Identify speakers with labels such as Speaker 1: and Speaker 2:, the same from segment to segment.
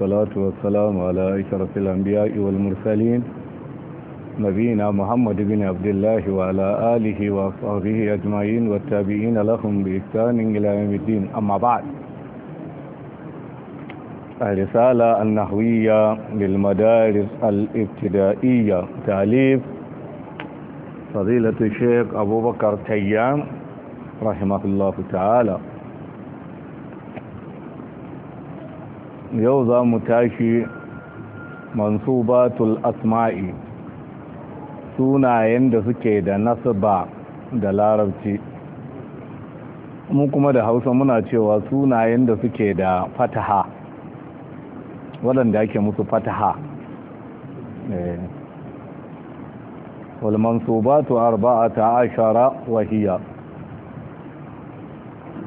Speaker 1: والصلاة والسلام على أشرف الأنبياء والمرسلين نبينا محمد بن عبد الله وعلى آله وصحبه أجمعين والتابعين لهم بإحسان إلى يوم الدين أما بعد الرسالة النحوية للمدارس الابتدائية تأليف فضيلة الشيخ أبو بكر تيام رحمه الله تعالى yau za mu tashi mansubatul asma'i sunayen da suke da nasaba da larabci mu kuma da hausa muna cewa sunayen da suke da fataha waɗanda ake musu fataha والمنصوبات eh. أربعة ashara وهي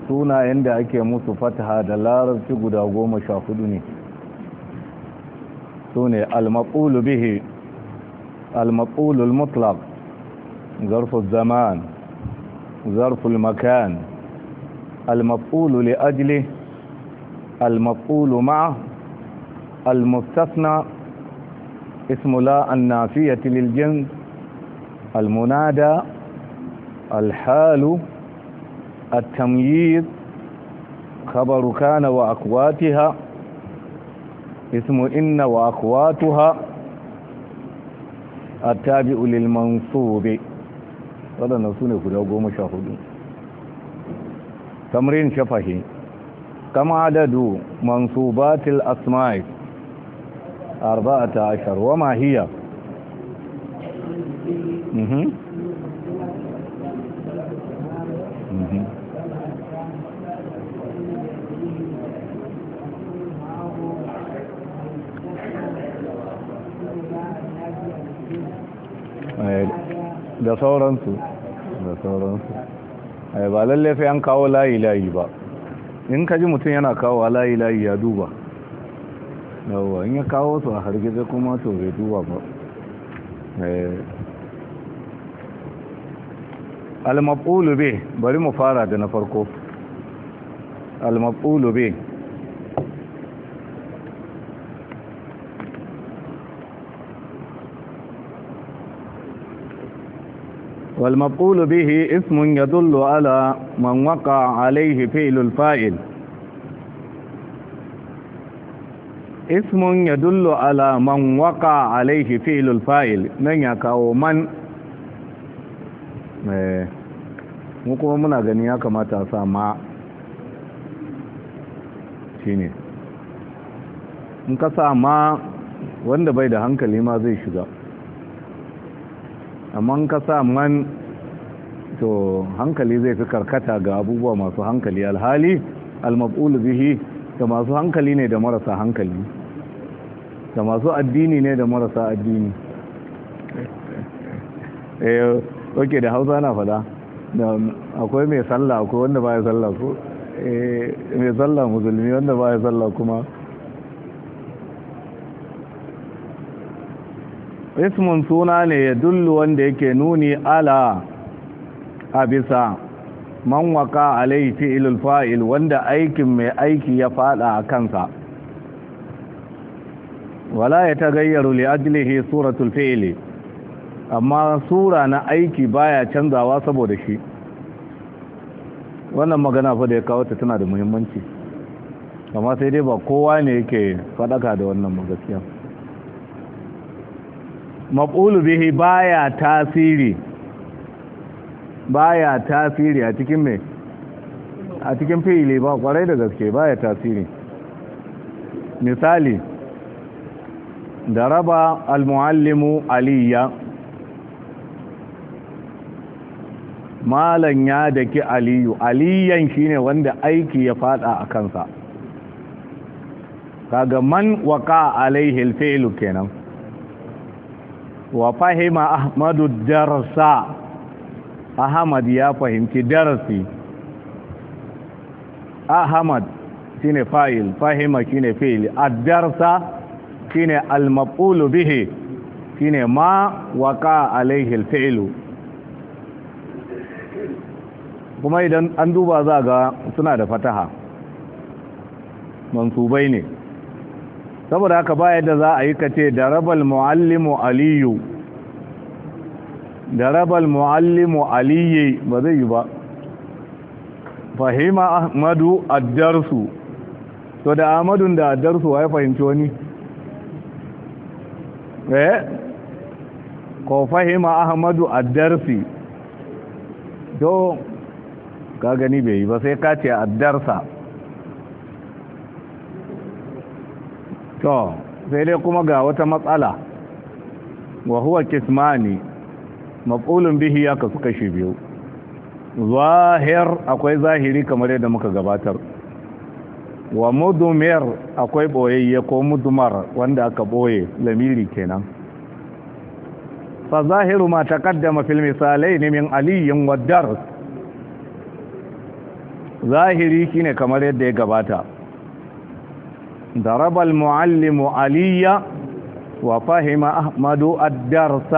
Speaker 1: sunayen da ake musu fataha da larabci guda goma sha hudu ne su ne almaƙulu bihi almakulu mutlaq zarfus zaman zarful makan almakulu li ajli almakulu ma almustasna an لا النافية للجنس المنادى alhalu. التمييز خبر كان وأقواتها اسم إن وأقواتها التابع للمنصوب هذا نسوني كده قوم شاهدون تمرين شفهي كم عدد منصوبات الأسماء أربعة عشر وما هي مهم. da sauransu da sauransu ai ba lalle sai an kawo layi layi ba in ka ji mutum yana kawo layi layi ya duba yawwa in ya kawo su a hargitse kuma to bai duba ba eh, al-maf'ulu bari mu fara da na farko al-maf'ulu والمقول به اسم يدل على من وقع عليه فعل الفاعل اسم يدل على من وقع عليه فعل الفاعل من يقع من mu kuma muna gani ya kamata a sa ma shine in ka sa ma wanda bai da hankali ma zai shiga amma ka sa man to hankali zai fi karkata ga abubuwa masu hankali alhali almab'ul bihi da masu hankali ne da marasa hankali da masu addini ne da marasa addini eh okay, da hausa na fada akwai mai sallah akwai wanda baya sallah ko eh, mai sallah musulmi wanda baya sallah kuma ismun suna ne ya dullu wanda yake nuni ala a bisa man waka alaihi fi'ilul fa'il wanda aikin mai aiki ya fada a kansa wala ya ta li ajlihi suratul fi'ili amma sura na aiki baya canzawa saboda shi wannan magana fa da ya kawo ta tana da muhimmanci amma sai dai ba kowa ne yake fadaka da wannan magasiyar maf'ulu bihi baya tasiri baya tasiri a cikin mai a cikin fili ba kwarai da gaske baya tasiri misali daraba almuallimu aliya malan ya daki aliyu aliyan ne wanda aiki ya fada a kansa kaga man waka alaihi alfi'lu kenan wa fahima ahmadu darsa ahmad ya fahimci darasi ahmad shine fa'il fahima shine fi'il ad-darsa shine al-maf'ul bihi shine ma waqa alayhi al-fi'lu kuma idan an duba za suna da fataha mansubai ne saboda haka ba yadda za a yi ka ce da rabal mu'allimu aliyu da rabal mu'allimu aliyu ba zai yi ba fahima ahmadu addarsu to da ahmadun da addarsu wa ya fahimci wani eh ko fahima ahmadu addarsi to ka gani bai yi ba sai ka ce addarsa to sai dai kuma ga wata matsala wa huwa kismani maqulun bihi ya kasu kashi biyu zahir akwai zahiri kamar yadda muka gabatar wa mudumir akwai boyayye ko mudumar wanda aka boye lamiri kenan fa zahiru ma taqaddama fil misalain min aliyin wa zahiri shine kamar yadda ya gabata ضرب المعلم علي وفهم احمد الدرس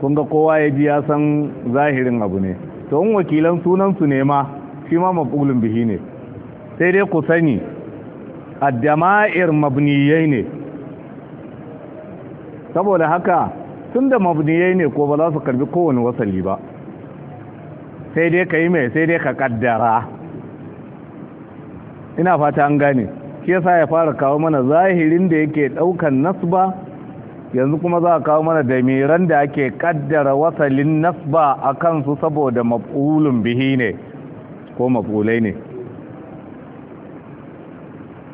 Speaker 1: kun ga kowa ya ji ya san zahirin abu ne to in wakilan sunansu ne ma shi ma mafulun bihi ne sai dai ku sani addama'ir mabniyai ne saboda haka tun da mabniyai ne ko ba za su karbi kowane wasali ba sai dai ka yi mai sai dai ka kaddara ina fata an gane shi yasa ya fara kawo mana zahirin da yake daukan nasba yanzu kuma za a kawo mana damiran da ake kaddara wasalin nasba a kansu saboda maf'ulun bihi ne ko maf'ulai ne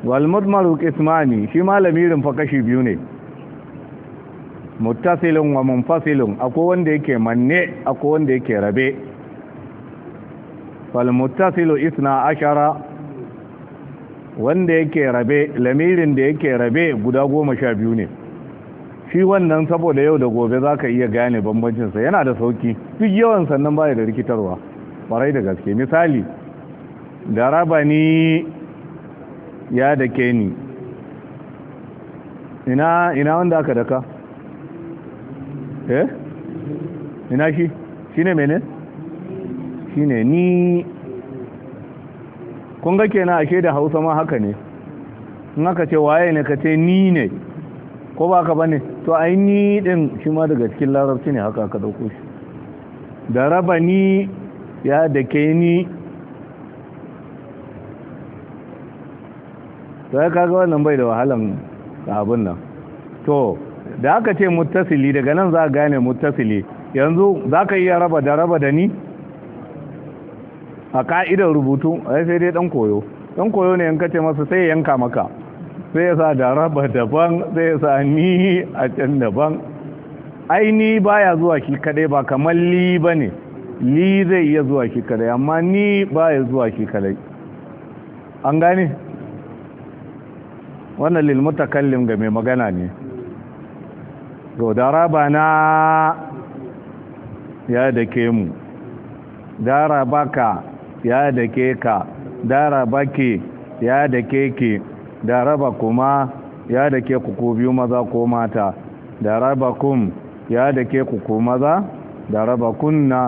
Speaker 1: walmudmaru kismani shi ma lamirin fa kashi biyu ne muttasilun wa munfasilun akwai wanda yake manne akwai wanda yake rabe falmuttasilu isna ashara wanda yake rabe lamirin da yake rabe guda goma sha biyu ne shi wannan saboda yau da gobe za ka iya gane bambancinsa yana da sauki duk yawan sannan baya da rikitarwa barai da gaske misali da raba ni ya da ke ni ina ina wanda aka daka eh ina shi Shi ne mene ne, ni kun ga kenan ashe da hausa ma haka ne in aka ce waye ne ka ce ni ne ko ba ka bane to ai ni din shi ma daga cikin larabci ne haka ka dauko shi da raba ni ya da ke ni to ya kaga wannan bai da wahalan abin nan to da aka ce muttasili daga nan za a gane muttasili yanzu za ka iya raba da raba da ni a ka'idar rubutu sai dai dan koyo dan koyo ne yanka ce masa sai yanka maka sai ya sa da raba daban sai ya sa ni a can daban ai ni baya zuwa ki kadai ba kamar li bane li zai iya zuwa ki kadai amma ni baya zuwa ki kadai an gane wannan lil mutakallim ga mai magana ne ga da raba na ya dake mu Dara baka. ka ya dake ka raba ki ya dake ki raba kuma ya dake ku ku biyu maza ko mata raba kum ya dake ku ku maza raba kunna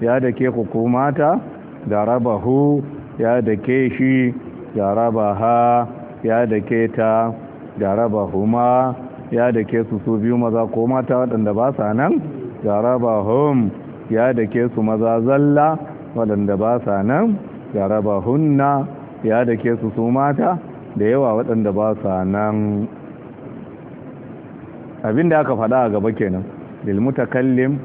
Speaker 1: ya dake ku ku mata raba hu ya dake shi raba ha ya dake ta daraba huma ya dake su su biyu maza ko mata waɗanda ba sa nan raba hum ya dake su maza zalla waɗanda ba sa nan ya raba hunna ya da ke su su mata da yawa waɗanda ba sa nan abinda aka faɗa a gaba kenan lilmutakallim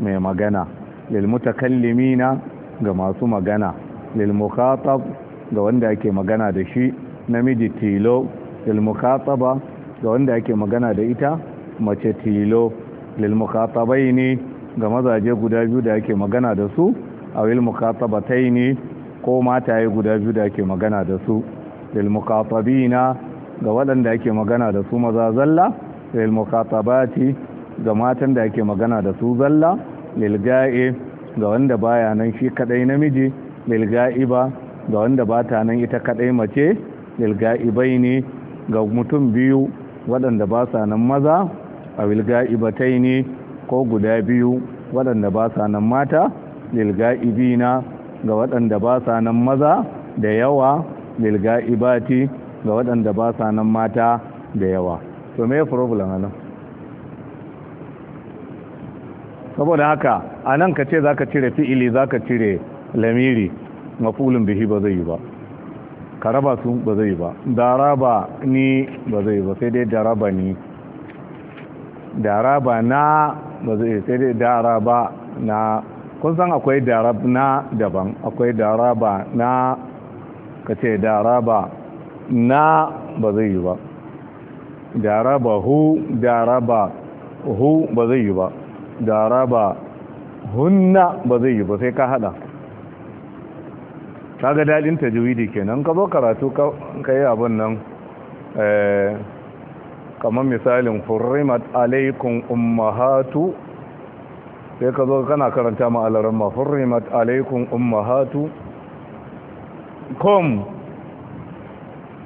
Speaker 1: mai magana lilmutakallimina ga masu magana lilmukatab ga wanda ake magana da shi namiji tilo lilmukataba ga wanda ake magana da ita mace tilo ne ga mazaje guda biyu da ake magana da su a wil mukatabatai ne ko mataye guda biyu da ake magana da su lil mukatabina ga waɗanda ake magana da su maza zalla lil mukatabati ga matan da ake magana da su zalla lil ga'i ga wanda baya nan shi kadai namiji lil ga'iba ga wanda ba ta nan ita kadai mace lil ne ga mutum biyu waɗanda ba sa nan maza a wil ga'ibatai ne ko guda biyu waɗanda ba sa nan mata lilga'ibina ga waɗanda ba sa nan maza da yawa lilga'ibati ga waɗanda ba sa nan mata da yawa to me problem anan saboda haka anan ka ce zaka cire fi'ili zaka cire lamiri mafulun bihi ba zai yi ba ka su ba zai yi ba daraba ni ba zai yi ba sai dai daraba ni daraba na ba zai sai dai daraba na kun san akwai darab na daban akwai daraba na ka daraba na ba zai yi ba daraba hu daraba hu ba zai yi ba daraba hunna ba zai yi ba sai ka hada ta ga daɗin tajwidi kenan ka zo karatu ka yi abin nan eh, kamar misalin furrimat alaikun ummahatu sai ka zo kana karanta ma alaran ma furrimat alaikum kom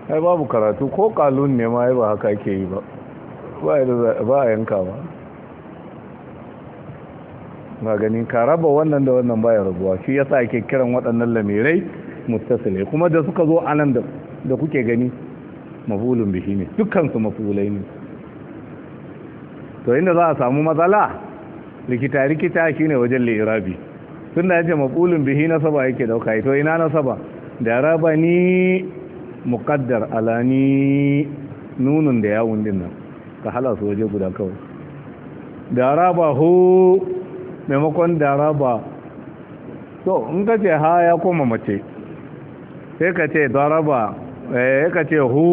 Speaker 1: ai babu karatu ko kalun ne ma ya ba haka ake yi ba ba a yanka ba ba gani ka raba wannan da wannan baya rabuwa shi ya sa ake kiran waɗannan lamirai mustasile kuma da suka zo a nan da kuke gani mafulun bihi ne dukkan mafulai ne to inda za a samu matsala rikita rikita shine wajen lirabi sun da yace maqulun bihi nasaba yake dauka ito ina nasaba da ni mukaddar alani nunun da yawun din nan ka hala su waje guda kawai da raba hu maimakon da raba to in ka ce ha ya koma mace sai ka ce daraba ya eh, ka ce hu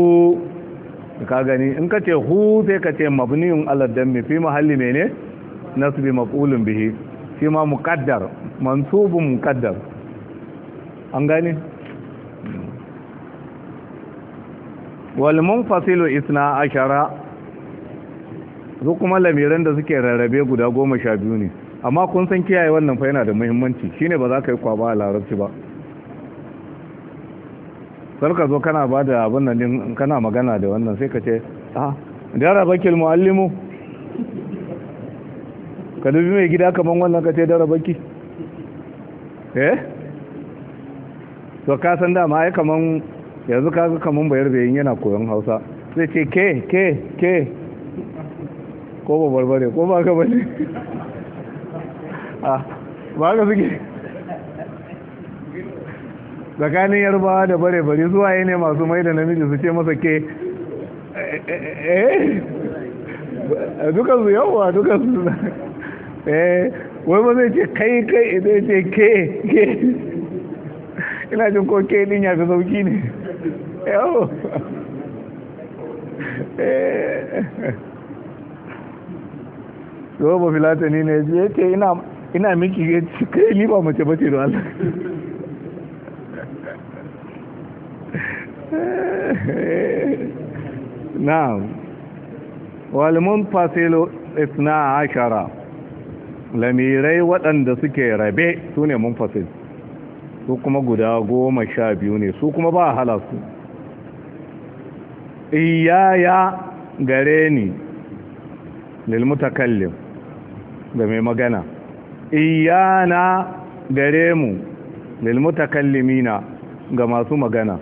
Speaker 1: ka gani in ka ce hu sai ka ce mabniyun aladdan mafi mahalli mahalli ne. nasbi maf'ulun bihi shi ma muqaddar mansubun muqaddar an gane wal munfasilu isna ashara su kuma lamiran da suke rarrabe guda goma sha biyu ne amma kun san kiyaye wannan fa yana da muhimmanci shine ba za ka yi kwaba a larabci ba sarka zo kana ba da abin nan kana magana da wannan sai ka ce ah darabakil muallimu ka dubi mai gida kamar wannan ka ce dara baki eh to ka san dama ai kamar yanzu ka ga kamar bayar bayin yana koyon hausa zai ce ke ke ke ko ba barbare ko ba ka bane ah ba ka suke tsakanin yarbawa da bare bare zuwa yi ne masu mai da namiji su ce masa ke
Speaker 2: eh, eh, eh, eh dukansu yawwa dukansu
Speaker 1: eh wai ba zai ce kai kai eh, zai ce ke ke ina jin ko ke din ya fi sauki ne yau eh. yau ba filatani ne ya ce ina miki ya ce kai ni ba mace bace da Allah walimun eh. wal munfasilu 12 lamirai waɗanda suke rabe su ne munfasil su kuma guda goma sha biyu ne su kuma ba halasu iyaya gare ni lilmutakallim ga mai magana iyana gare mu lilmutakallimina ga masu magana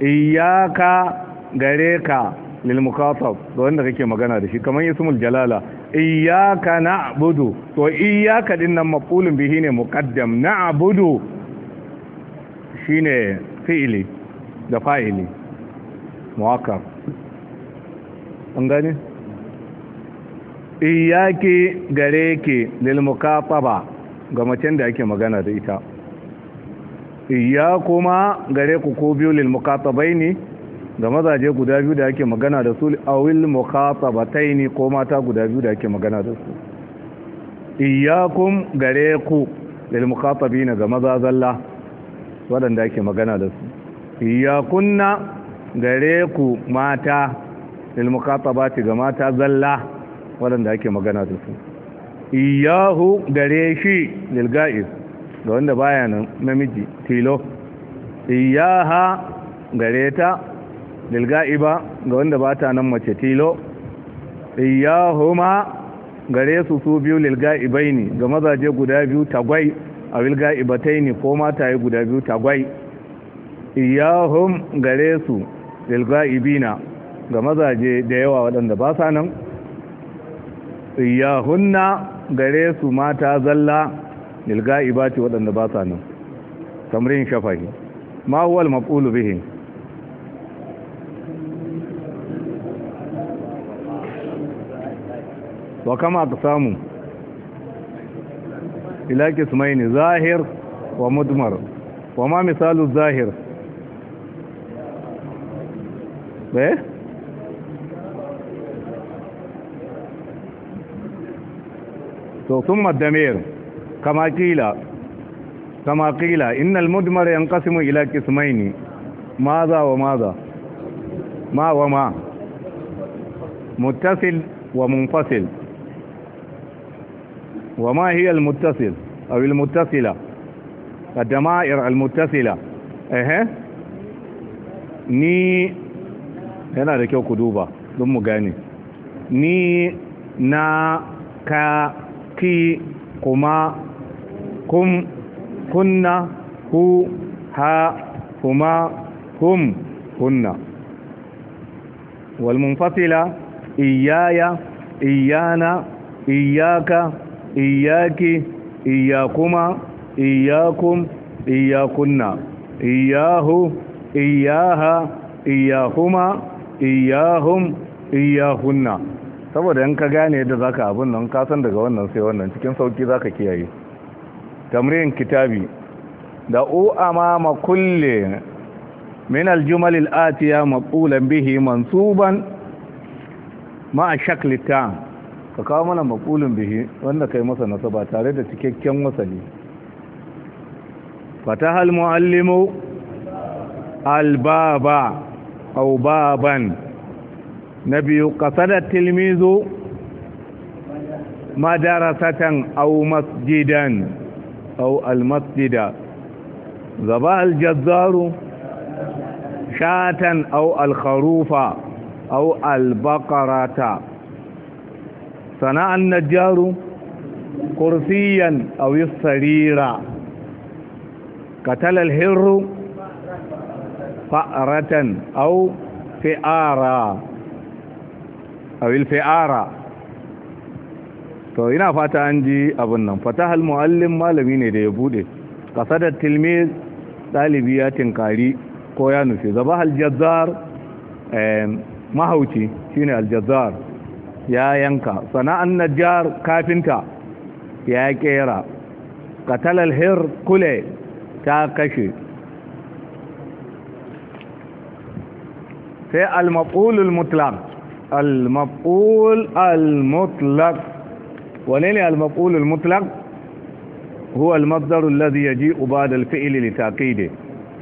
Speaker 1: iyaka gare ka lilmuka ga wanda kake magana da shi kamar yi sumul jalala iyaka na'budu to iyaka dinnan maf'ulun bihi ne muqaddam na'budu shine fi'ili da fa'ili muakkar an gane iyaki gare ki lil mukafaba ga macen da yake magana da ita iya kuma gare ku ko biyu lil mukatabai ga mazaje guda biyu da ake magana da su awil mukhatabatain ko mata guda biyu da ake magana da su iyyakum gare ku lil mukhatabina ga maza zalla wadanda ake magana da su iyyakunna gare ku mata lil mukhatabati ga mata zalla wadanda ake magana da su iyyahu gare shi lil ga'iz ga wanda baya nan namiji tilo iyyaha gare ta lilga'iba ga wanda ba ta nan mace tilo iyahuma gare su su biyu lilga'ibai ne ga mazaje guda biyu tagwai a wilga'ibatai ne ko yi guda biyu tagwai iyahum gare su lilga'ibina ga mazaje da yawa waɗanda ba sa nan iyahunna gare su mata zalla lilga'ibati waɗanda ba sa nan tamrin shafahi ma huwal maqulu bihi wa kama ka samu ila kismaini zahir wa mudmar wa ma misalu zahir eh to thumma damir kama kila kama kila innal mudmar yanqasimu ila kismaini maza wa maza ma wa ma muttasil wa munfasil وما هي المتصل أو المتصلة الدمائر المتصلة اه ني هنا ركيو كدوبا دم مغاني ني نا كا كي كما كم كنا هو ها هما هم كنا والمنفصلة إيايا إيانا إياك iyaki iyakuma iyakum iyakunna iyahu iyaha iyakuma iyahum iyakunna saboda in ka gane yadda zaka abin nan ka daga wannan sai wannan cikin sauki zaka kiyaye tamrin kitabi da u amama kulli min aljumal alatiya maqulan bihi mansuban ma shakli tam ka kawo mana makulin bihi wanda kai masa nasaba tare da cikakken wasali fataha muallimu albaba aw baban nabi qasada tilmizu madarasatan aw masjidan aw almasjida zaba aljazzaru shatan aw alkharufa aw albaqarata sana'an najjaru kursiyan aw sarira katalal hirru fa'ratan aw fi'ara aw fi'ara to ina fata an ji abin nan fatahal muallim malami ne da ya bude kasadar tilmiz dalibi ya tinkari ko ya nufi zabahal jazzar eh, mahauci shine aljazzar ya yanka sana'an najjar kafinta ya kera katalar kule ta kashe sai al-maqulul mutlaq al-maqul al-mutlaq wane ne al-maqulul mutlaq huwa al-masdar alladhi yaji'u ba'da al-fi'li li taqidi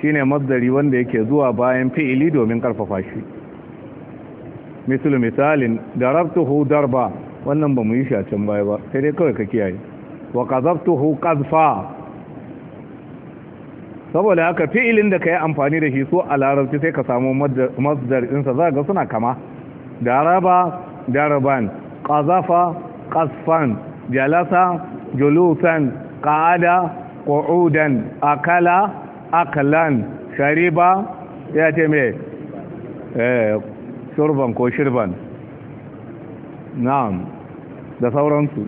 Speaker 1: shine masdari wanda yake zuwa bayan fi'ili domin karfafa shi misal misalin darabtuhu darba wannan ba mu yi shi a can baya ba sai dai kawai ka kiyaye wa qazabtuhu qazfa saboda haka fi'ilin da ka yi amfani da shi so a larabci sai ka samu masdar ɗinsa za ga suna kama daraba daraban ƙazafa ƙasfan jalasa julusan Qa'ada, qu'udan akala akalan shariba ya ce eh shurban ko shirban na'am da sauransu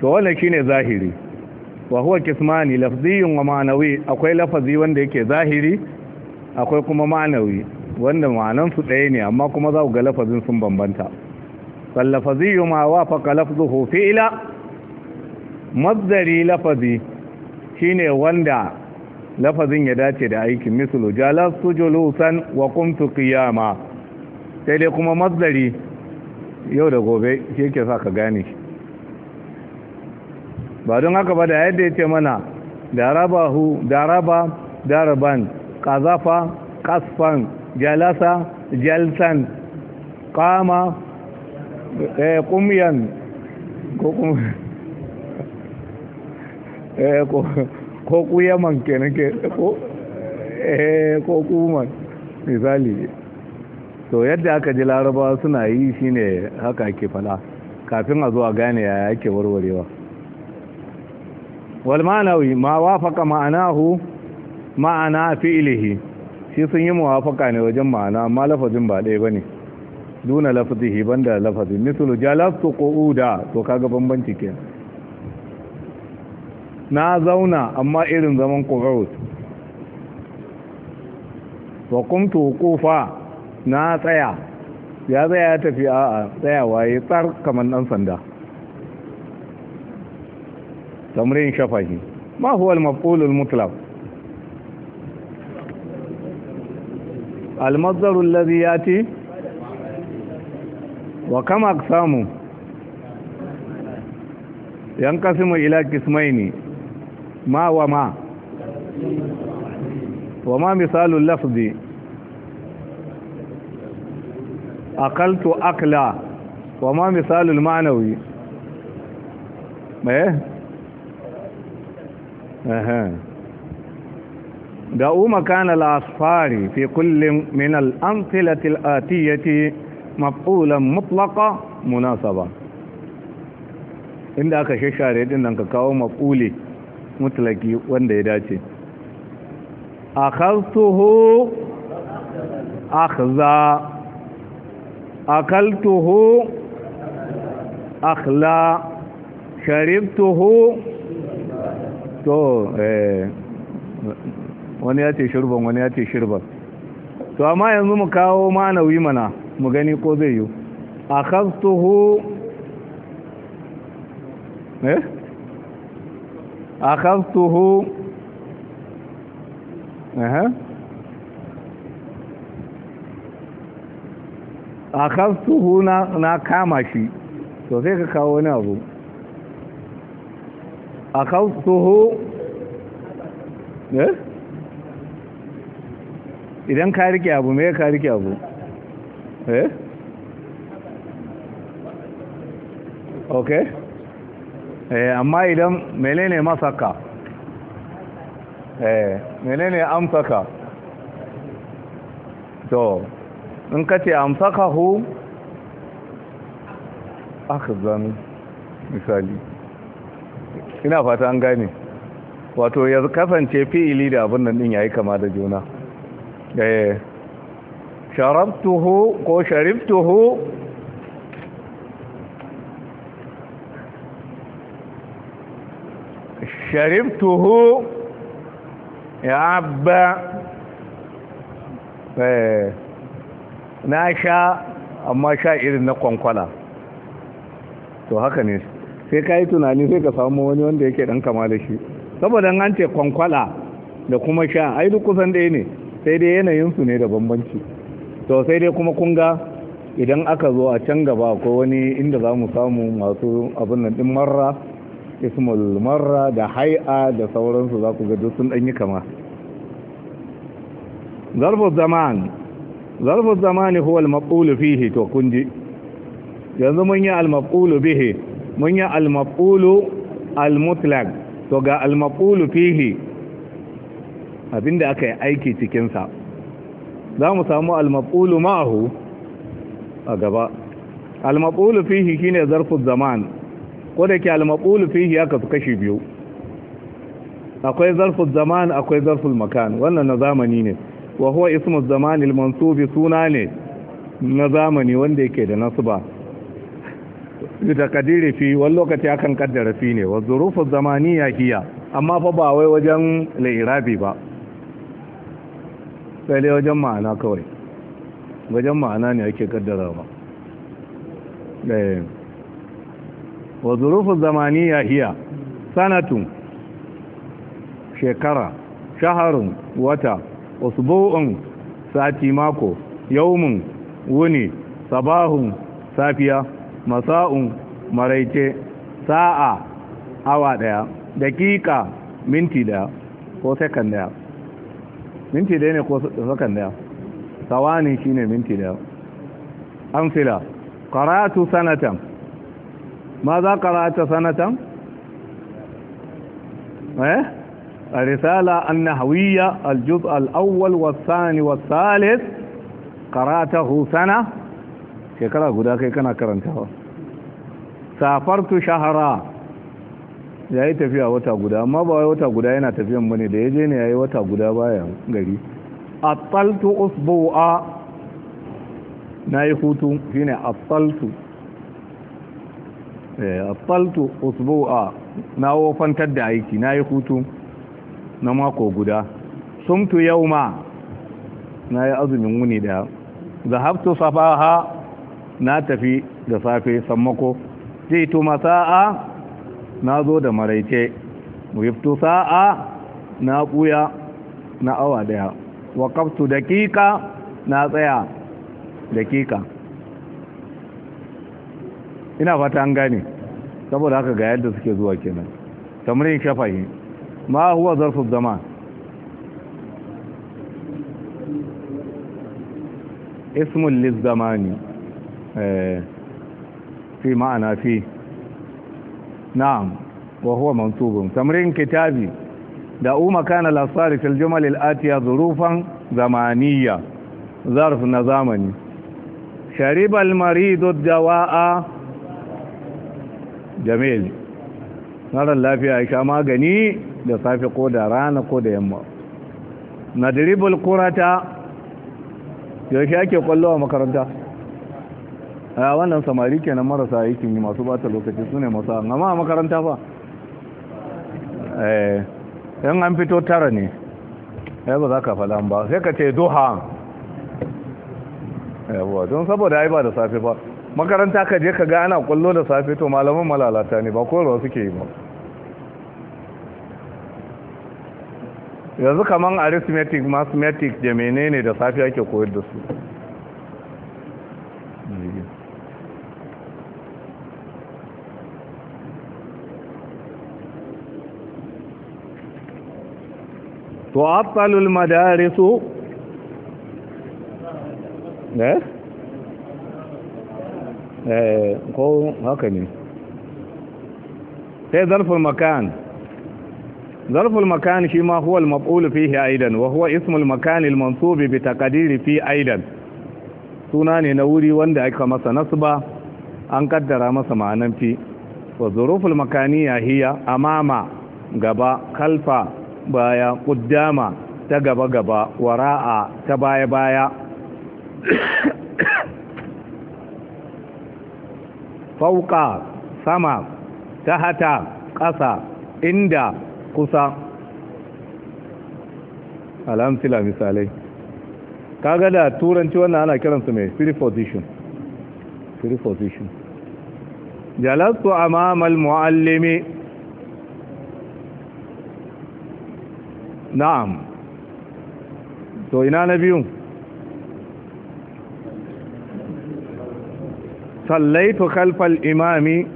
Speaker 1: to wannan shine zahiri wa huwa kismani lafziyun wa ma'anawi akwai lafazi wanda yake zahiri akwai kuma ma'anawi wanda ma'anansu ɗaya ne amma kuma za ku ga lafazin sun bambanta fallafaziyu ma wafaqa lafzuhu fi'la Mazari lafazi shine wanda lafazin ya dace da aikin mislu jalastu julusan wa qumtu qiyama sai dai kuma masdari yau da gobe shi yake sa ka gane ba don haka ba da yadda ya ce mana darabahu daraba daraban kazafa kasfan jalasa jalsan kama kumyan eh, ko kuma eh, ko kuyaman kenan ke ko eh ko kuman misali to yadda aka ji larabawa suna yi shine haka ake faɗa, kafin a zuwa gane ya yake warwarewa wal ma'anawi ma wafaqa ma'anahu ma'ana fi'lihi shi sun yi muwafaka ne wajen ma'ana amma lafazin ba ɗaya bane duna lafazihi banda lafazin misalu jalastu qu'uda to kaga bambanci kenan na zauna amma irin zaman ƙura'ut wa kumtu kufa na tsaya ya tsaya ya tafi a tsayawa ya tsar kamar ɗan sanda tamrin shafahi ma huwa al-maf'ul al-mutlaq al alladhi yati wa kam aqsamu yanqasimu ila qismaini ma wa ma wa ma misalun lafzi akaltu akla wa ma misalul ma'anawi eh da umar kana al'asfari fi kullum min munasaba inda aka shashare din nan ka kawo maf'uli mutlaki wanda ya dace akhadtuhu akhza akaltuhu akhla sharibtuhu to eh wani ya ce shirban wani ya ce shirban to amma yanzu mu kawo manawi mana mu gani ko zai yi akhadtuhu eh akhadtuhu na na kama shi to sai ka kawo abu akhadtuhu eh idan ka rike abu me ka rike abu eh Eh, amma idan menene masaka eh, menene amsaka to in ka ce amsaka hu aka misali ina fata an gane wato ya kasance fi'ili da abin nan din yayi kama da juna eh sharabtuhu ko sharibtuhu sharibtuhu na sha amma sha irin na kwankwala to haka ne sai ka yi tunani sai ka samu wani wanda yake dan kama da shi saboda an ce kwankwala da kuma sha ai duk kusan ɗaya ne sai dai yanayinsu ne da bambanci to sai dai kuma kunga idan aka zo a can gaba akwai wani inda za mu samu masu abin nan ɗin marra ismul marra da hai'a da sauransu za ku ga duk sun ɗanyi kama Zarfus zaman zarfin zamani huwa al-maqulu fihi to kun ji yanzu mun yi al-maqulu bihi mun yi al-maqulu al-mutlaq to ga al-maqulu fihi abinda aka yi aiki cikin sa za mu samu al-maqulu ma'ahu a gaba al-maqulu fihi shine zarfus zaman ko da ke almaqulu fihi aka su kashi biyu akwai zarful zaman akwai zarful makan wannan na zamani ne wa huwa ismu zaman al-mansub suna ne na zamani wanda yake da nasba da kadiri fi wani lokaci akan kaddara fi ne wa zurufu zamaniya hiya amma fa ba wai wajen lairabi ba sai dai wajen ma'ana kawai wajen ma'ana ne ake kaddara ba eh. wa zurufu zamaniya hiya sanatun shekara shaharun wata usbu'un sati mako yaumin wuni sabahun safiya masa'un maraice sa'a awa daya dakika minti daya ko sekan daya minti daya ne ko sekan daya sawani shine minti daya amsila qara'atu sanatan ما ذا karata sanatan eh الرسالة النهوية الجزء الأول والثاني والثالث قرأته سنة شكرا قدا كي كان كرنته سافرت شهرا yayi tafiya wata guda amma ba wai wata guda yana tafiyan bane da yaje ne yayi wata guda baya gari ataltu usbu'a nayi hutu shine ataltu faltu eh, usbu'a na wofantar da aiki na yi hutu na mako guda sumtu yauma na yi azumin wuni da zahabtu safaha na tafi da safe sammako jaitu masa'a na zo da maraice wiftu sa'a na buya na awa daya waqaftu daqiqa na tsaya daqiqa ina fata an gane saboda haka ga yadda suke zuwa kenan kamar yin shafahi ma huwa zarfu zama ismun lizzamani eh, fi ma'ana fi na'am wa huwa mansubun tamrin kitabi da umma kana lasari fil jumal al atiya zurufan zamaniya zarf na zamani shariba al maridu dawaa jamil marar lafiya ya sha magani da safe ko da rana ko da yamma na dribble kurata yaushe ake kwallo a makaranta a wannan samari kenan marasa aikin yi masu bata lokaci su ne masu amma a makaranta fa yan an fito tara ne ya ba za ka falan ba sai ka ce duha yawa don saboda ai ba da safe ba makaranta ka je ka ga ana kwallo da safe to malaman malalata ne ba koyarwa suke yi ba yanzu kaman arithmetic mathematic da menene da safe ake koyar da su to abtalul madarisu ne eh? Eh, ko haka ne sai zarful makan zarful makan shi ma huwa al-maf'ul fihi aidan wa huwa ismul makan al-mansub bi taqdiri fi aidan suna ne na wuri wanda aka masa nasba an kaddara masa ma'anan fi wa zuruful makaniya hiya amama gaba kalfa baya kuddama ta gaba gaba wara'a ta baya baya fauka sama ta hata ƙasa inda kusa alhamsila misalai kaga da turanci wannan ana kiransu mai preposition preposition jalastu amamal muallimi na'am to ina na biyun sallaitu khalfal imami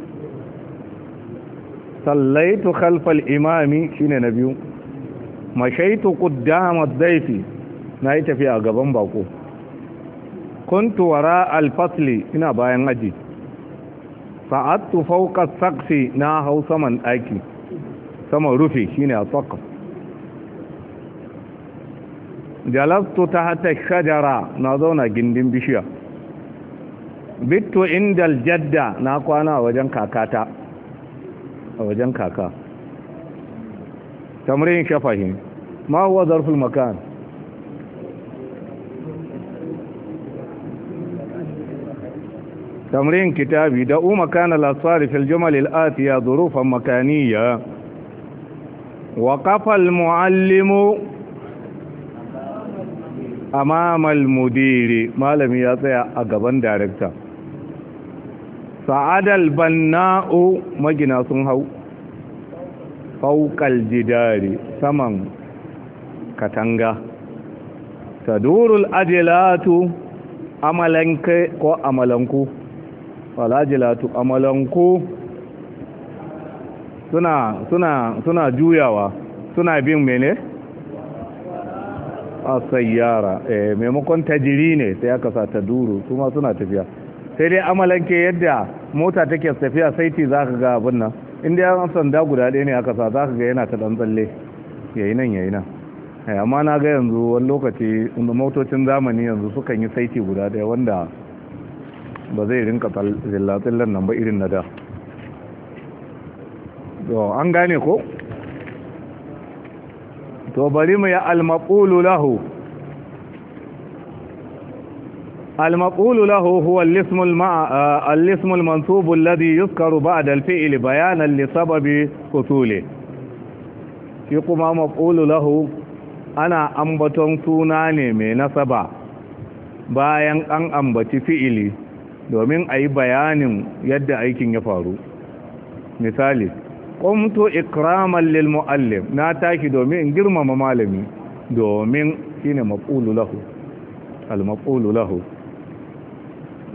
Speaker 1: sallaitu khalfal imami shine na biyu mashaitu quddama dhaifi na yi tafiya gaban bako kuntu wara alfasli ina bayan aji sa'attu fawqa saqfi na hau saman daki saman rufi shine a saqf jalastu tahta shajara na zauna gindin bishiya bitto indal jadda na kwana wajen kakata a wajen kaka tamrin shafahin ma huwa zarful makan tamrin kitabi da umma kana al-sarif al-jumal al-atiya dhurufan makaniya wa qafa al-muallimu amama mudiri malami ya tsaya a gaban director sa'adal banna'u magina sun hau faukal jidari saman katanga durul ajilatu amalanke ko amalanku falajilatu amalanku suna suna suna juyawa suna bin mene a sayyara eh maimakon tajiri ne sai aka sa taduru kuma suna tafiya sai dai amalanke yadda mota take tafiya saiti za ka ga abin nan inda yawan sanda guda ɗaya ne aka sa za ka ga yana ta ɗan tsalle yayi nan yayi nan eh, amma na ga yanzu wani lokaci inda motocin zamani yanzu sukan yi saiti guda ɗaya wanda ba zai rinka zillatsillan nan ba irin na da an gane ko to bari mu ya almaƙulu lahu المقول له هو الاسم المع... الاسم المنصوب الذي يذكر بعد الفعل بيانا لسبب حصوله kuma maqulu lahu ana ambaton suna ne mai nasaba bayan an ambaci fi'ili domin a yi bayanin yadda aikin ya faru misali qumtu ikraman lil muallim na tashi domin in girmama malami domin shine maqulu lahu al maqulu lahu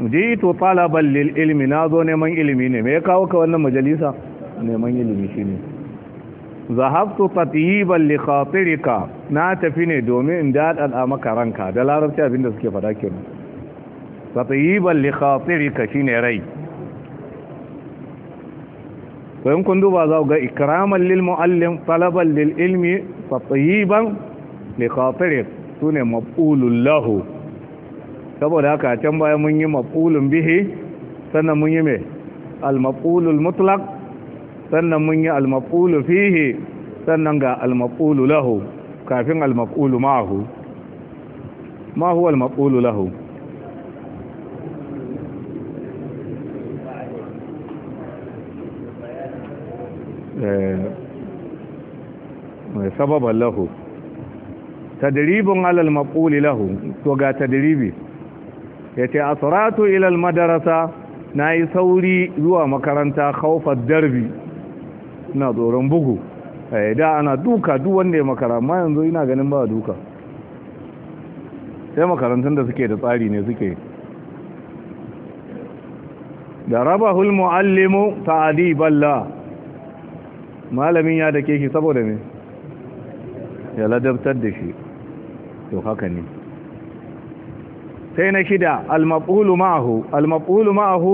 Speaker 1: jito talaban lil ilmi na zo neman ilimi ne me ya kawo ka wannan majalisa neman ilimi shi ne zahabtu tatiban li khatirika na tafi ne domin in dadada maka ranka da larabci abinda suke fada kenan tatiban li khatirika shine rai to in kun duba za ku ga ikraman lil muallim talaban lil ilmi tatiban li khatirika sune mabulullahu. lahu saboda haka can baya mun yi maƙulun bihi sannan mun yi mai al mutlak sannan mun yi al fihi sannan ga al lahu kafin al-maf'ulu ma'ahu ma al lahu eh, mai sababan lahu tadiribin alal maƙuli lahu to ga tadiribi. ya ce asiratu ilal madarasa na yi sauri zuwa makaranta haufar darbi na tsoron bugu eh, da ana duka duk wanda ya makara ma yanzu ina ganin ba duka sai makarantun da suke da tsari ne suke da raba hulmu allimu ta'adi balla malamin ya dake shi saboda ne ya ladabtar da shi to haka ne sai na shida al-maqulu ma'ahu al-maqulu ma'ahu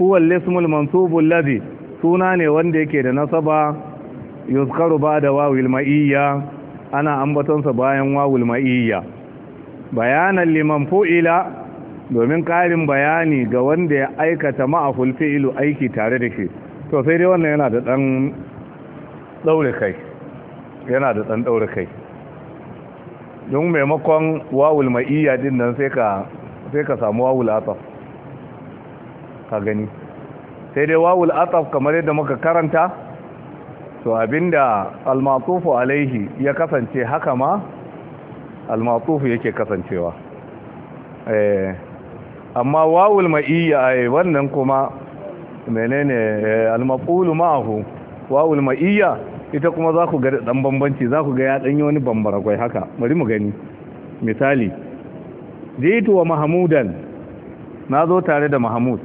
Speaker 1: huwa al-ismu al-mansubu alladhi suna ne wanda yake da nasaba yuzkaru ba'da wawil ma'iyya ana ambaton sa bayan wawul ma'iyya bayanan liman fu'ila domin karin bayani ga wanda ya aikata ma'aful fi'ilu aiki tare da shi to sai dai wannan yana da dan daure kai yana da dan daure kai yin maimakon wawul ma'iyya din nan sai ka samu wawul ataf ka gani sai dai wawul ataf kamar yadda muka karanta to abinda almatufu alaihi ya kasance haka ma almatufu yake kasancewa eh, amma wawul ma'iyya eh, wannan kuma menene eh, almaqulu ma'ahu wawul ma'iyya ita kuma za ku ga dan bambanci za ku ga ya danyi wani bambara kwai haka bari mu gani misali jitu wa mahamudan na zo tare da mahamud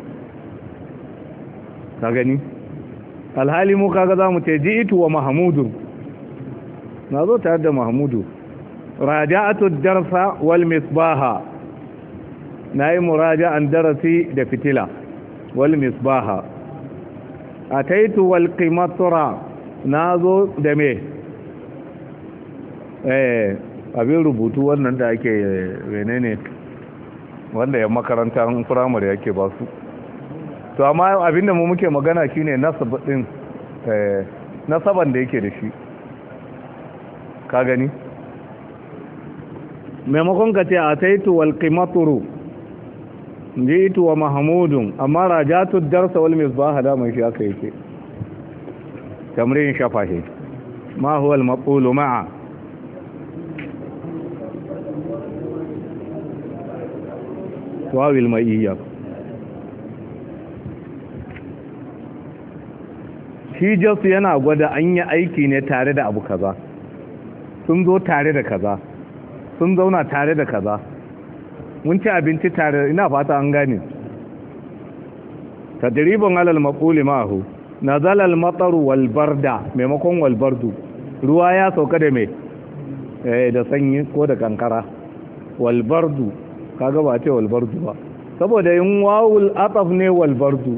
Speaker 1: ka gani alhali mu kaga za mu ce jitu wa mahamudu. na zo tare da mahamudu raja'atu darsa wal misbaha nayi an darasi da fitila wal misbaha ataitu wal qimatura na zo da me eh, abin rubutu wannan da ake rene ne wanda ya makarantar firamare yake ba su to amma abin da mu muke magana shi ne eh, nasaban da yake da shi ka gani maimakon ka ce a taitu wal qimaturu ji'tu wa mahamudun amma rajatu darsa ba misbah da mai shi aka yake تمرين shafahi ma هو المقول مع واو المئية shi jasu yana gwada an yi aiki ne tare da abu kaza sun zo tare da kaza sun zauna tare da kaza mun ci abinci tare ina fata an gane tadribun alal maquli ma'ahu nazala al-mataru wal barda maimakon wal bardu ruwa ya sauka da me eh da sanyi ko da kankara wal bardu kaga ba ce wal bardu ba saboda in wawul ataf ne wal bardu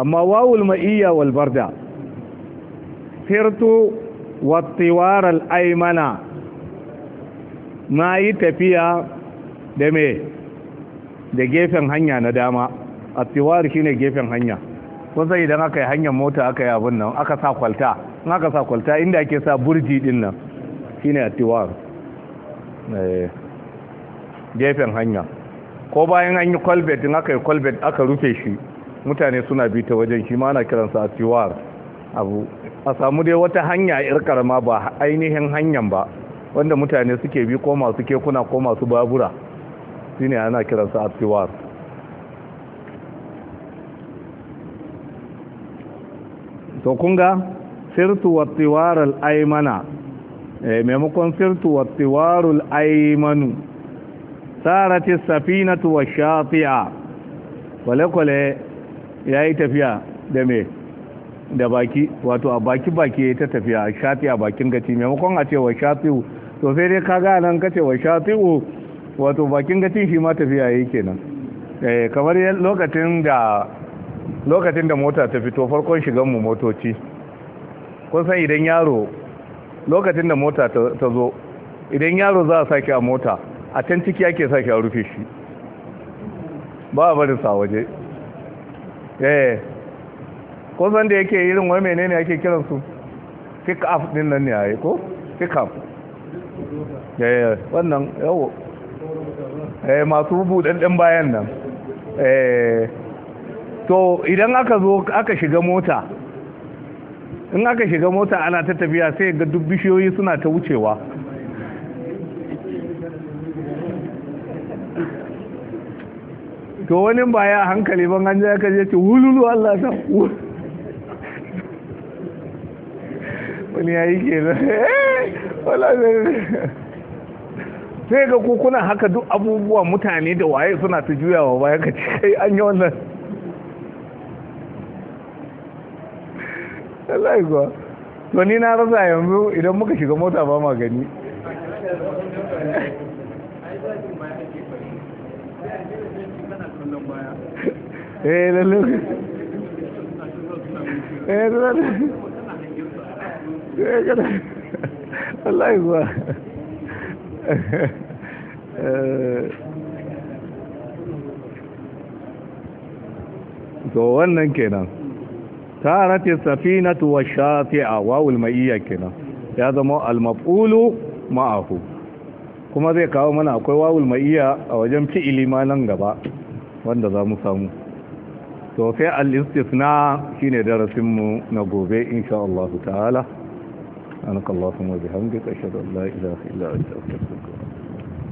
Speaker 1: amma wawul ma'iyya wal barda sirtu wattiwar al-aymana ma yi tafiya da me da gefen hanya na dama attiwar shine gefen hanya zai idan aka yi hanyar mota aka yi abin nan aka sa kwalta in aka sa kwalta inda ake sa burji din nan shine atiwar eh, gefen hanya ko bayan an yi kwalbet in aka yi kwalbet aka rufe shi mutane suna bi ta wajen shi ma ana kiransa atiwar abu a samu dai wata hanya yar karama ba ainihin hanyar ba wanda mutane suke bi ko masu kekuna ko masu babura shine ana kiransa atiwar to kunga sirtu wa tiwarul aymana eh maimakon sirtu wa tiwarul aymanu sarati safinatu wa shati'a kwale kwale yayi tafiya da me da baki wato a baki baki ta tafiya shati'a bakin gati. maimakon a ce wa shati'u to sai dai kaga nan kace wa shati'u wato bakin gati shi ma tafiya yake nan? eh kamar lokacin da lokacin da mota ta fito farkon shiganmu motoci kun san idan yaro lokacin da mota ta zo idan yaro za a sake a mota a can ciki ake sake a rufe shi ba a bari sa waje eh kun san da yake irin wani menene ake kiransu pick up din nan ne yayi ko pick up eh wannan yawo eh masu dan bayan nan eh to idan aka zo aka shiga mota in aka shiga mota ana ta tafiya sai ga duk bishiyoyi suna ta wucewa to wani ba ya hankali ban an ya kaje ce wululu Allah ta wani ya yi ke eh, sai ga kuna haka duk abubuwa mutane da waye suna ta juyawa baya ka ce kai an yi wannan Allah ya to ni na rasa yanzu idan muka shiga mota ba ma gani eh lalle eh lalle
Speaker 2: eh kada eh.
Speaker 1: to wannan kenan tarati safinatu wa shafi'a wawul ma'iyya kenan ya zama al-maf'ulu ma'ahu kuma zai kawo mana akwai wawul ma'iyya a wajen fi'ili nan gaba wanda za mu samu to a al-istisna shine darasin mu na gobe insha ta'ala anaka